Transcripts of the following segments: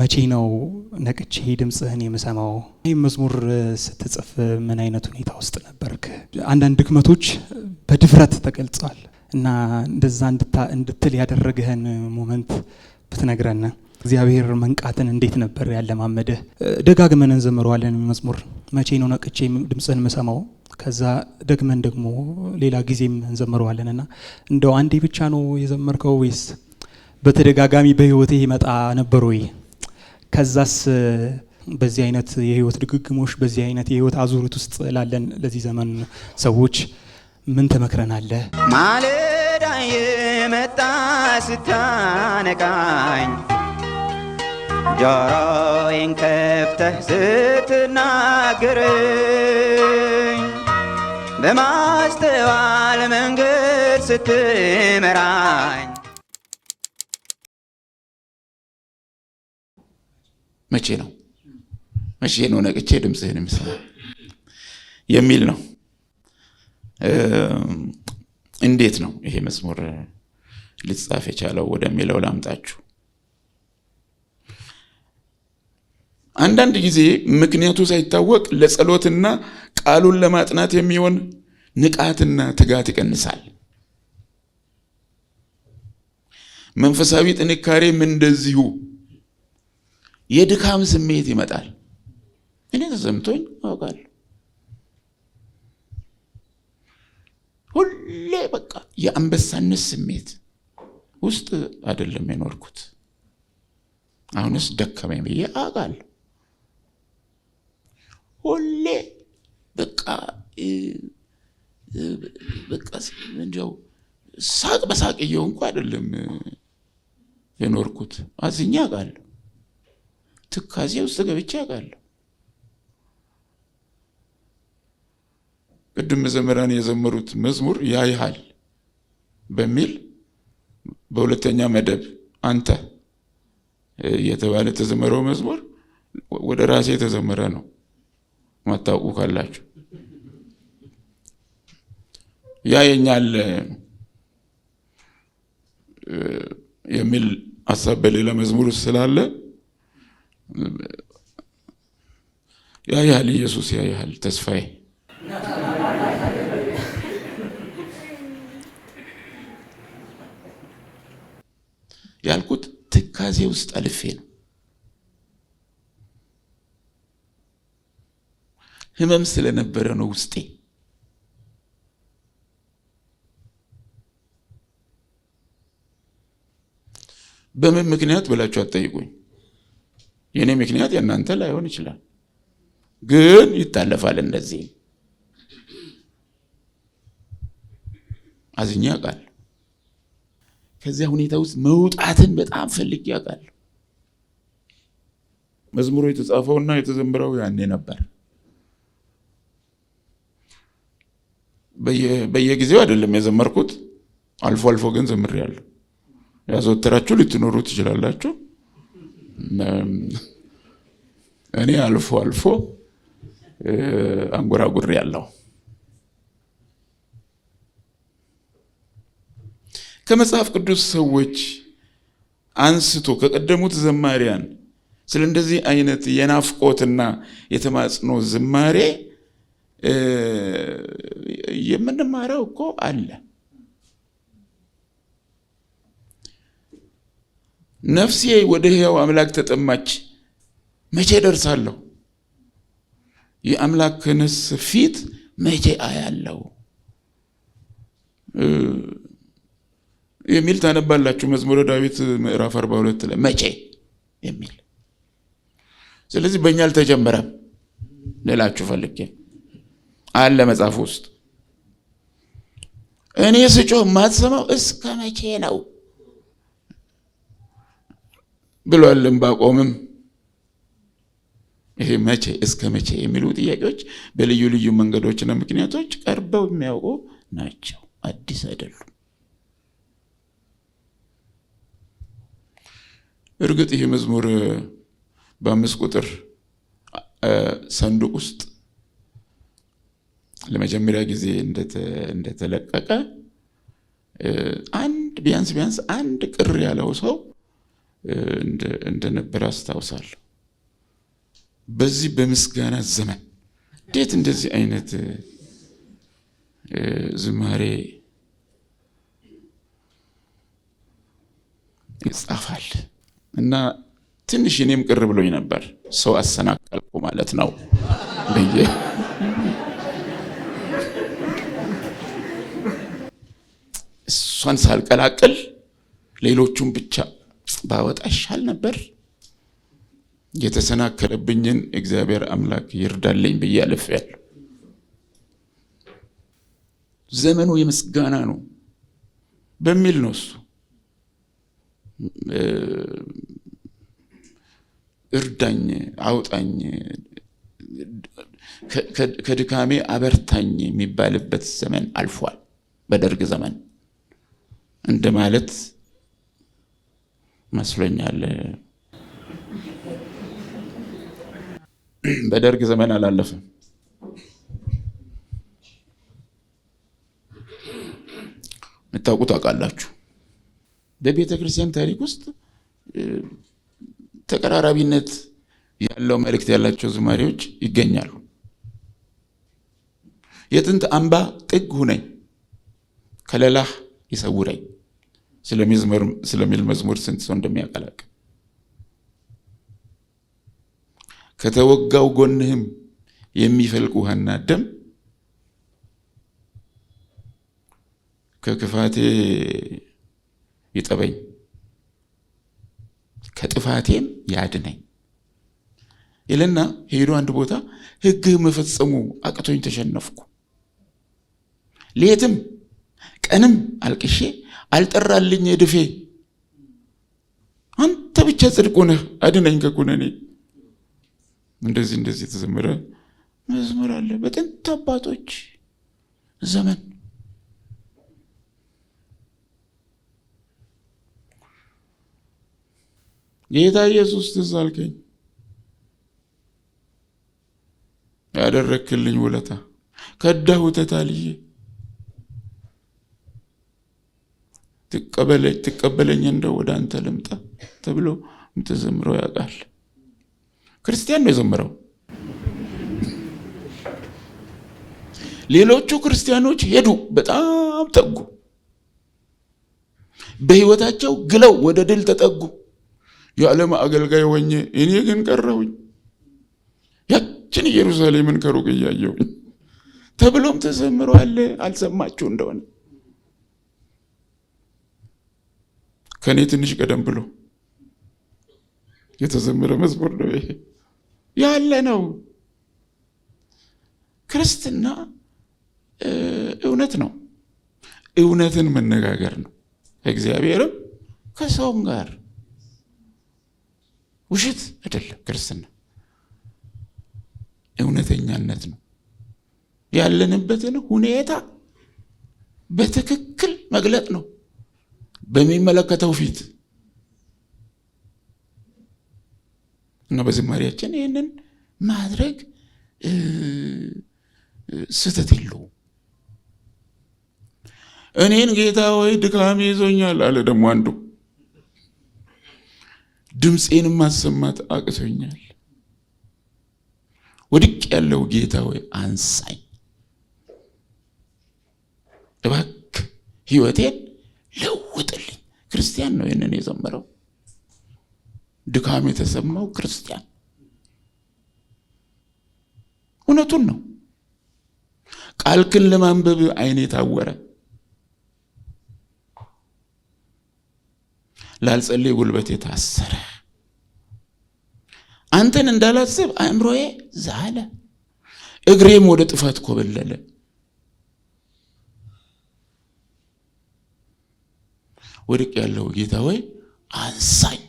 መቼ ነው ነቅቼ ድምፅህን የምሰማው? ይህ መዝሙር ስትጽፍ ምን አይነት ሁኔታ ውስጥ ነበርክ? አንዳንድ ድክመቶች በድፍረት ተገልጸዋል እና እንደዛ እንድትል ያደረገህን ሞመንት ብትነግረን። እግዚአብሔር መንቃትን እንዴት ነበር ያለማመደህ? ደጋግመን እንዘምረዋለን መዝሙር መቼ ነው ነቅቼ ድምፅህን የምሰማው ከዛ ደግመን ደግሞ ሌላ ጊዜም እንዘምረዋለን እና እንደው አንዴ ብቻ ነው የዘመርከው ወይስ በተደጋጋሚ በህይወቴ ይመጣ ነበር ወይ? ከዛስ በዚህ አይነት የህይወት ድግግሞሽ በዚህ አይነት የህይወት አዙሪት ውስጥ ላለን ለዚህ ዘመን ሰዎች ምን ትመክረናለህ? ማለዳ የመጣ ስታነቃኝ ጆሮዬን ከፍተህ ስትናገረኝ በማስተዋል መንገድ ስትመራኝ መቼ ነው መቼ ነው ነቅቼ ድምፅህን የሚሰማ የሚል ነው። እንዴት ነው ይሄ መስሙር ሊጻፍ የቻለው ወደሚለው ላምጣችሁ። አንዳንድ ጊዜ ምክንያቱ ሳይታወቅ ለጸሎትና ቃሉን ለማጥናት የሚሆን ንቃትና ትጋት ይቀንሳል። መንፈሳዊ ጥንካሬም እንደዚሁ የድካም ስሜት ይመጣል። እኔ ተሰምቶኝ አውቃለሁ። ሁሌ በቃ የአንበሳነት ስሜት ውስጥ አይደለም የኖርኩት። አሁንስ ደከመኝ ብዬ አውቃለሁ። ሁሌ በቃ በቃ እንዲያው ሳቅ በሳቅ እየሆንኩ አይደለም የኖርኩት። አዝኛ አውቃለሁ። ትካዜ ውስጥ ገብቼ ያውቃለሁ ቅድም መዘመራን የዘመሩት መዝሙር ያይሃል በሚል በሁለተኛ መደብ አንተ የተባለ የተዘመረው መዝሙር ወደ ራሴ የተዘመረ ነው። ማታውቁ ካላችሁ ያየኛል የሚል ሀሳብ በሌላ መዝሙር ስላለ ያያል፣ ኢየሱስ ያያል። ተስፋዬ ያልኩት ትካዜ ውስጥ አልፌ ነው። ህመም ስለነበረ ነው ውስጤ። በምን ምክንያት ብላችሁ አትጠይቁኝ። የእኔ ምክንያት የእናንተ ላይሆን ይችላል፣ ግን ይታለፋል። እንደዚህ አዝኜ ያውቃል። ከዚያ ሁኔታ ውስጥ መውጣትን በጣም ፈልግ ያውቃል። መዝሙሩ የተጻፈውና የተዘምረው ያኔ ነበር። በየጊዜው አይደለም የዘመርኩት፣ አልፎ አልፎ ግን ዘምሬያለሁ። ያዘወተራችሁ ልትኖሩ ትችላላችሁ። እኔ አልፎ አልፎ አንጎራጉር ያለው ከመጽሐፍ ቅዱስ ሰዎች አንስቶ ከቀደሙት ዘማሪያን ስለ እንደዚህ አይነት የናፍቆትና የተማጽኖ ዝማሬ የምንማረው እኮ አለ። ነፍሴ ወደ ሕያው አምላክ ተጠማች፣ መቼ ደርሳለሁ? የአምላክንስ ፊት መቼ አያለው የሚል ታነባላችሁ። መዝሙረ ዳዊት ምዕራፍ 42 ላይ መቼ የሚል ስለዚህ በእኛ አልተጀመረም ልላችሁ ፈልጌ አለ መጽሐፍ ውስጥ እኔ ስጮህ የማትሰማው እስከ መቼ ነው? ብሏል ዕንባቆምም። ይሄ መቼ እስከ መቼ የሚሉ ጥያቄዎች በልዩ ልዩ መንገዶችና ምክንያቶች ቀርበው የሚያውቁ ናቸው፣ አዲስ አይደሉም። እርግጥ ይህ መዝሙር በአምስት ቁጥር ሰንዱቅ ውስጥ ለመጀመሪያ ጊዜ እንደተለቀቀ አንድ ቢያንስ ቢያንስ አንድ ቅር ያለው ሰው እንደነበረ አስታውሳለሁ። በዚህ በምስጋና ዘመን እንዴት እንደዚህ አይነት ዝማሬ ይጻፋል እና ትንሽ እኔም ቅር ብሎኝ ነበር፣ ሰው አሰናቀልኩ ማለት ነው ብዬ እሷን ሳልቀላቅል ሌሎቹን ብቻ ባወጣ ይሻል ነበር። የተሰናከለብኝን እግዚአብሔር አምላክ ይርዳልኝ ብዬ አልፌያለሁ። ዘመኑ የምስጋና ነው በሚል ነው እሱ እርዳኝ፣ አውጣኝ፣ ከድካሜ አበርታኝ የሚባልበት ዘመን አልፏል። በደርግ ዘመን እንደማለት መስሎኛል። በደርግ ዘመን አላለፈም። የምታውቁ ታውቃላችሁ። በቤተ ክርስቲያን ታሪክ ውስጥ ተቀራራቢነት ያለው መልእክት ያላቸው ዝማሬዎች ይገኛሉ። የጥንት አምባ ጥግ ሁነኝ፣ ከለላህ ይሰውረኝ ስለሚል መዝሙር ስንት ሰው እንደሚያቀላቅል ከተወጋው ጎንህም የሚፈልቅ ውሃና ደም ከክፋቴ ይጠበኝ ከጥፋቴም ያድነኝ ይለና ሄዶ አንድ ቦታ ህግ መፈጸሙ አቅቶኝ ተሸነፍኩ። ሌትም ቀንም አልቅሼ አልጠራልኝ እድፌ አንተ ብቻ ጽድቅ ሆነህ አድነኝ ከኩነኔ። እንደዚህ እንደዚህ የተዘመረ መዝሙር አለ በጥንት አባቶች ዘመን። ጌታ ኢየሱስ ትዝ አልከኝ ያደረክልኝ ውለታ ከዳሁተታልዬ ትቀበለኝ እንደው ወደ አንተ ልምጣ ተብሎ የምትዘምረው ያውቃል። ክርስቲያን ነው የዘምረው። ሌሎቹ ክርስቲያኖች ሄዱ፣ በጣም ተጉ፣ በህይወታቸው ግለው ወደ ድል ተጠጉ። የዓለም አገልጋይ ሆኜ እኔ ግን ቀረሁኝ ያችን ኢየሩሳሌምን ከሩቅ እያየሁኝ ተብሎም ተዘምሮ አለ። አልሰማችሁ እንደሆነ ከእኔ ትንሽ ቀደም ብሎ የተዘመረ መዝሙር ነው ይሄ ያለ ነው። ክርስትና እውነት ነው። እውነትን መነጋገር ነው ከእግዚአብሔርም ከሰውም ጋር ውሸት አይደለም። ክርስትና እውነተኛነት ነው። ያለንበትን ሁኔታ በትክክል መግለጥ ነው። በሚመለከተው ፊት እና በዝማሪያችን ይህንን ማድረግ ስህተት የለውም። እኔን ጌታ ወይ ድካሜ ይዞኛል አለ ደግሞ አንዱ ድምፄን ማሰማት አቅቶኛል፣ ወድቅ ያለው ጌታ ወይ አንሳኝ፣ እባክህ ህይወቴን ለው ክርስቲያን ነው ይህንን የዘመረው። ድካም የተሰማው ክርስቲያን እውነቱን ነው። ቃልክን ለማንበብ አይን የታወረ ላልጸሌ ጉልበቴ ታሰረ፣ አንተን እንዳላስብ አእምሮዬ ዛለ፣ እግሬም ወደ ጥፋት ኮበለለ። ወድቅ ያለው ጌታ ወይ አንሳኝ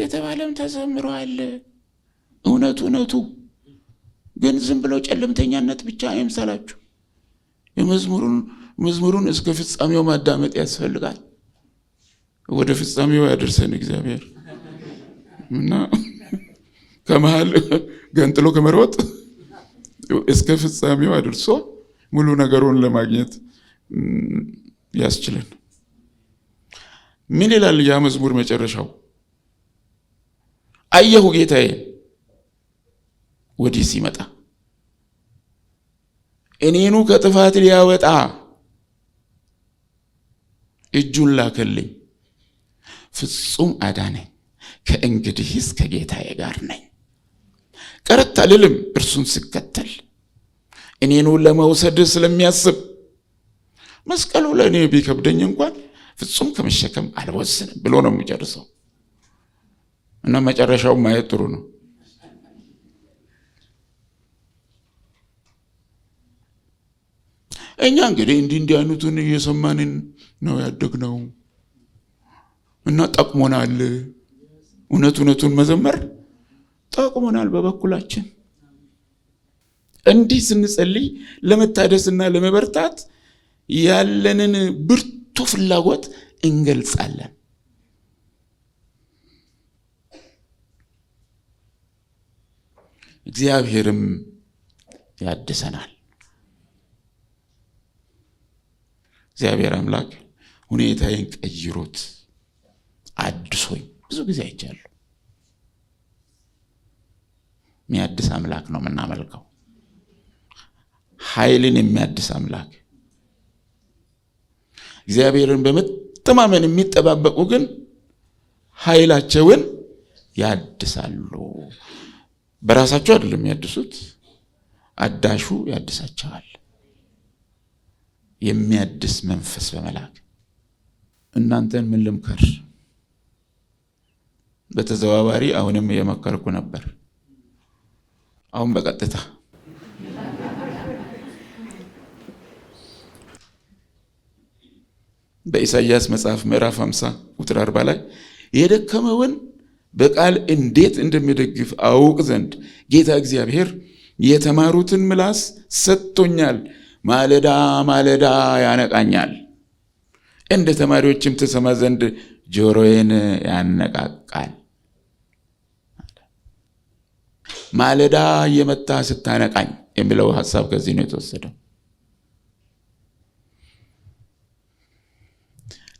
የተባለም ተዘምሯል። እውነቱ እውነቱ ግን ዝም ብለው ጨለምተኛነት ብቻ አይምሰላችሁ። የመዝሙሩን መዝሙሩን እስከ ፍጻሜው ማዳመጥ ያስፈልጋል። ወደ ፍጻሜው ያደርሰን እግዚአብሔር እና ከመሀል ገንጥሎ ከመሮጥ እስከ ፍጻሜው አድርሶ ሙሉ ነገሩን ለማግኘት ሊያስችለን ምን ይላል ያ መዝሙር መጨረሻው? አየሁ ጌታዬ ወዲህ ሲመጣ እኔኑ ከጥፋት ሊያወጣ እጁን ላከልኝ፣ ፍጹም አዳነኝ። ከእንግዲህስ ከጌታዬ ጋር ነኝ፣ ቀረት አልልም እርሱን ስከተል እኔኑ ለመውሰድ ስለሚያስብ መስቀሉ ለእኔ ቢከብደኝ እንኳን ፍጹም ከመሸከም አልወስንም ብሎ ነው የሚጨርሰው። እና መጨረሻው ማየት ጥሩ ነው። እኛ እንግዲህ እንዲህ እንዲህ አይነቱን እየሰማንን ነው ያደግነው እና ጠቅሞናል። እውነት እውነቱን መዘመር ጠቅሞናል በበኩላችን እንዲህ ስንጸልይ ለመታደስና ለመበርታት ያለንን ብርቱ ፍላጎት እንገልጻለን። እግዚአብሔርም ያድሰናል። እግዚአብሔር አምላክ ሁኔታዬን ቀይሮት አድሶኝ ብዙ ጊዜ አይቻሉ። የሚያድስ አምላክ ነው የምናመልከው። ኃይልን የሚያድስ አምላክ እግዚአብሔርን በመተማመን የሚጠባበቁ ግን ኃይላቸውን ያድሳሉ። በራሳቸው አይደለም የሚያድሱት፣ አዳሹ ያድሳቸዋል። የሚያድስ መንፈስ በመላክ እናንተን ምን ልምከር? በተዘዋዋሪ አሁንም እየመከርኩ ነበር፣ አሁን በቀጥታ በኢሳይያስ መጽሐፍ ምዕራፍ 50 ቁጥር 40 ላይ የደከመውን በቃል እንዴት እንደሚደግፍ አውቅ ዘንድ ጌታ እግዚአብሔር የተማሩትን ምላስ ሰጥቶኛል። ማለዳ ማለዳ ያነቃኛል፣ እንደ ተማሪዎችም ትሰማ ዘንድ ጆሮዬን ያነቃቃል። ማለዳ እየመታ ስታነቃኝ የሚለው ሀሳብ ከዚህ ነው የተወሰደው።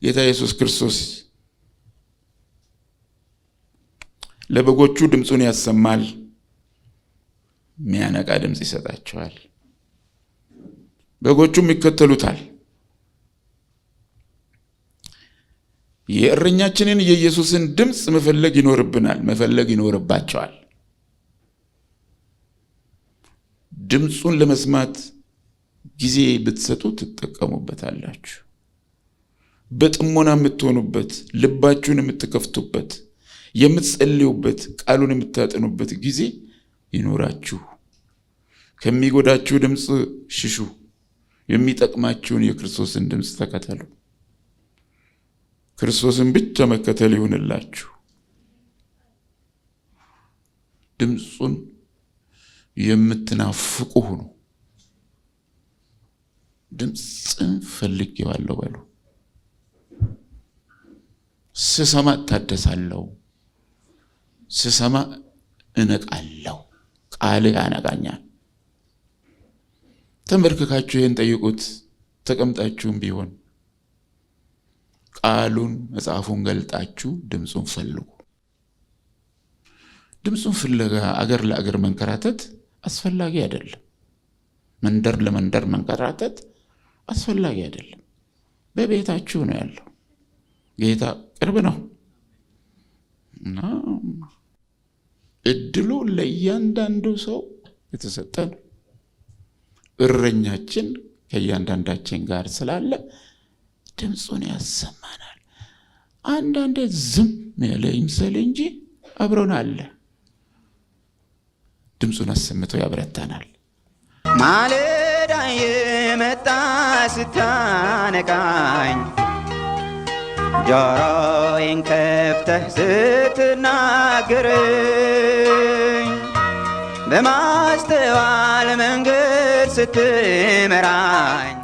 ጌታ ኢየሱስ ክርስቶስ ለበጎቹ ድምፁን ያሰማል፣ ሚያነቃ ድምፅ ይሰጣቸዋል፣ በጎቹም ይከተሉታል። የእረኛችንን የኢየሱስን ድምፅ መፈለግ ይኖርብናል፣ መፈለግ ይኖርባቸዋል። ድምፁን ለመስማት ጊዜ ብትሰጡ ትጠቀሙበታላችሁ። በጥሞና የምትሆኑበት፣ ልባችሁን የምትከፍቱበት፣ የምትጸልዩበት፣ ቃሉን የምታጠኑበት ጊዜ ይኖራችሁ። ከሚጎዳችሁ ድምፅ ሽሹ፣ የሚጠቅማችሁን የክርስቶስን ድምፅ ተከተሉ። ክርስቶስን ብቻ መከተል ይሆንላችሁ ድምፁን የምትናፍቁ ሁኑ። ድምፅን ፈልጌዋለሁ በሉ። ስሰማ እታደሳለሁ፣ ስሰማ እነቃለሁ። ቃል ያነቃኛል። ተንበርክካችሁ ይህን ጠይቁት። ተቀምጣችሁም ቢሆን ቃሉን መጽሐፉን ገልጣችሁ ድምፁን ፈልጉ። ድምፁን ፍለጋ አገር ለአገር መንከራተት አስፈላጊ አይደለም። መንደር ለመንደር መንከራተት አስፈላጊ አይደለም። በቤታችሁ ነው ያለው። ጌታ ቅርብ ነው እና እድሉ ለእያንዳንዱ ሰው የተሰጠ ነው። እረኛችን ከእያንዳንዳችን ጋር ስላለ ድምፁን ያሰማናል። አንዳንድ ዝም ያለ ይምሰል እንጂ አብረን አለ። ድምፁን አሰምቶ ያበረታናል። ማለዳ የመጣ ስታነቃኝ ጆሮዬን ከፍተህ ስትናገረኝ በማስተዋል መንገድ ስትመራኝ